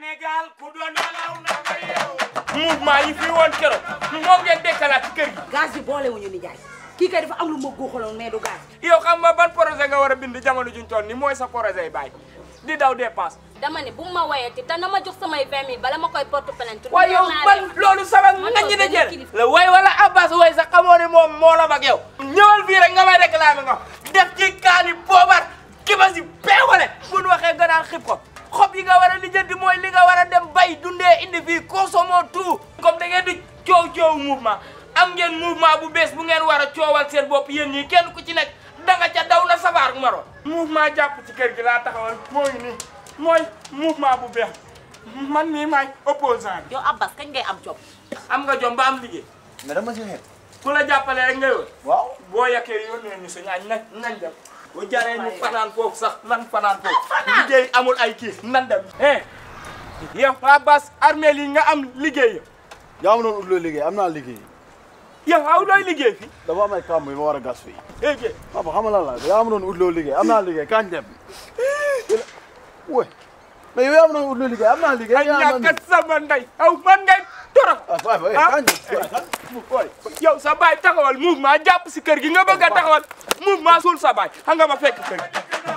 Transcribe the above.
Sénégal ku doon nelaw na nga yeewu mouvement yi fi woon keroog moo ngeen dekkalaat ci kër gi gaz boole wu ni jaay kii kay dafa am lu ma góoxaloon mais du gaz yow xam nga ban projet nga war a bind jamono juñ toon ni mooy sa projet yi bàyyi di daw dépense dama ne bu ma wayati te na ma jox samay vingt mille bala ma koy porte plainte waaye yow man loolu sama nga ñi da sax xamoo moom moo la mag yow ñëwal fii rek nga may réclamer nga def ci kaani boobar ki ba si beewale buñ waxee nga naan xib ko yi nga war a lijjanti mooy li nga war a dem bay dundee indi fii consommons tout. comme da ngeen di coow coow mouvement am ngeen ma bu bees bu ngeen war a coowal seen bopp yéen ñii kenn ku ci nekk danga ca daw na safaar maro mouvement jàpp ci kër gi laa taxawal mooy nii mooy mouvement bu bees man mii maay opposant bi. yow Abbas kañ ngay am jom. am nga jom ba am liggéey. mais dama si xeet. ku la jàppale rek ngay wër. waaw boo yàqee yónnee ñu suñu añ nañ nañ bu jaree ñu fanaan sax nan fanaan liggéey amul ay kii nan dem eh yow waa bas armée nga am liggéey yow looy liggéey am naa liggéey liggéey fii dafa am ay kàmb ma war a gas fii ége papa xam la la yaa ma noonu liggéey am naa liggéey kañ dem we mais yow yaa ma noonu liggéey am naa liggéey ñàkk sama ndey aw man ngay ah, ah. jàpp si kër gi nga bëgg taxawal mouvement suul sa baay xam nga ma fekk fekk